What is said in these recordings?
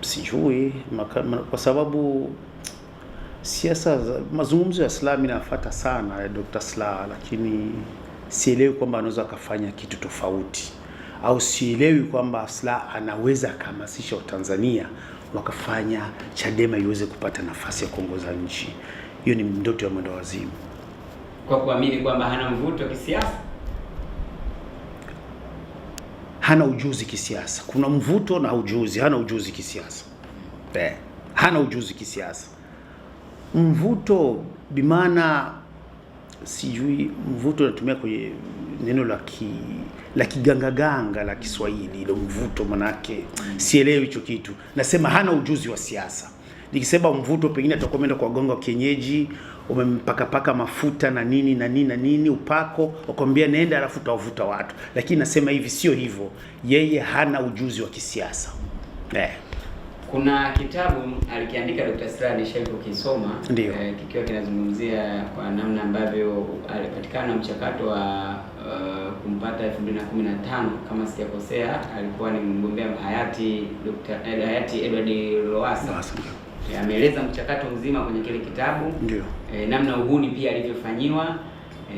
sijui kwa sababu siasa, mazungumzo ya Slaa mimi sana ya Dr. Slaa, lakini sielewi kwamba anaweza akafanya kitu tofauti, au sielewi kwamba Slaa anaweza akahamasisha Watanzania wakafanya Chadema iweze kupata nafasi ya kuongoza nchi. Hiyo ni ndoto ya mwenda wazimu, kwa kuamini kwamba hana mvuto wa kisiasa hana ujuzi kisiasa. Kuna mvuto na ujuzi, hana ujuzi kisiasa eh, hana ujuzi kisiasa. Mvuto bimaana, sijui mvuto natumia kwenye neno la ki la kigangaganga la Kiswahili ile mvuto, manake sielewi hicho kitu. Nasema hana ujuzi wa siasa. Nikisema mvuto, pengine atakuwa ameenda kwa wagonga wa kienyeji umempakapaka mafuta na nini na nini na nini, upako ukwambia nenda, alafu utawavuta watu. Lakini nasema hivi, sio hivyo, yeye hana ujuzi wa kisiasa eh. Kuna kitabu alikiandika Dr. Slaa nishakukisoma eh, kikiwa kinazungumzia kwa namna ambavyo alipatikana mchakato wa uh, kumpata 2015 kama sijakosea, alikuwa ni mgombea hayati Dr. Eh, hayati Edward Lowassa e, ameeleza mchakato mzima kwenye kile kitabu e, namna uhuni pia alivyofanyiwa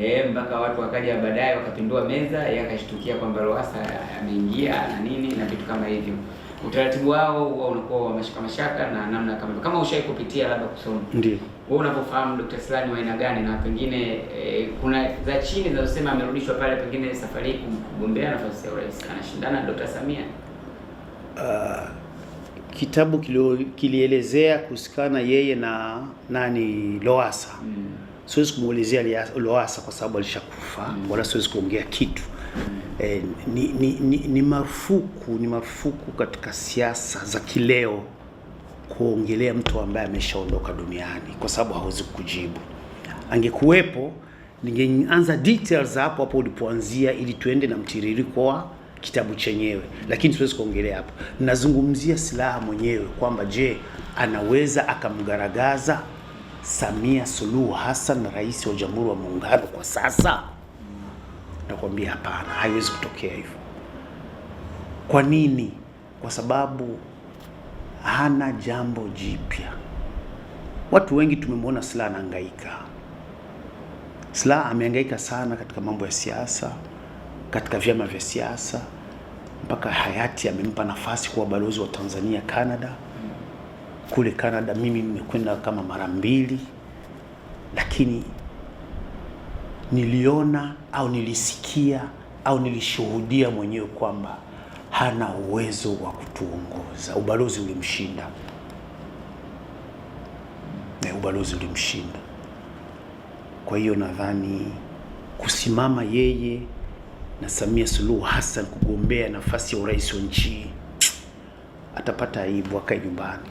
e, mpaka watu wakaja baadaye wakapindua meza, yeye akashtukia kwamba Lowassa ameingia na nini na vitu kama hivyo. Utaratibu wao huwa unakuwa wa mashaka mashaka na namna kama Kama ushai kupitia labda kusoma, ndio wewe unapofahamu Dr. Slani ni aina gani, na pengine e, kuna za chini kusema amerudishwa pale, pengine safari kugombea nafasi ya urais anashindana na Dr. Samia uh kitabu kilielezea kuhusikana yeye na nani loasa mm. Siwezi kumuulizia loasa kwa sababu alishakufa mm. wala siwezi kuongea kitu mm. Eh, ni, ni, ni, ni marufuku ni marufuku katika siasa za kileo kuongelea mtu ambaye ameshaondoka duniani kwa sababu hawezi kujibu. Angekuwepo ningeanza details hapo hapo ulipoanzia ili tuende na mtiririko wa kitabu chenyewe, lakini siwezi kuongelea hapo. Nazungumzia silaha mwenyewe kwamba je, anaweza akamgaragaza Samia Suluhu Hassan, rais wa Jamhuri wa Muungano kwa sasa? Nakwambia hapana, haiwezi kutokea hivyo. Kwa nini? Kwa sababu hana jambo jipya. Watu wengi tumemwona silaha anahangaika. silaha amehangaika sana katika mambo ya siasa katika vyama vya siasa mpaka hayati amempa nafasi kuwa balozi wa Tanzania Canada. Kule Canada mimi nimekwenda kama mara mbili, lakini niliona au nilisikia au nilishuhudia mwenyewe kwamba hana uwezo wa kutuongoza. Ubalozi ulimshinda na ubalozi ulimshinda. Kwa hiyo nadhani kusimama yeye na Samia Suluhu Hassan kugombea nafasi ya urais wa nchi hii, atapata aibu, akae nyumbani.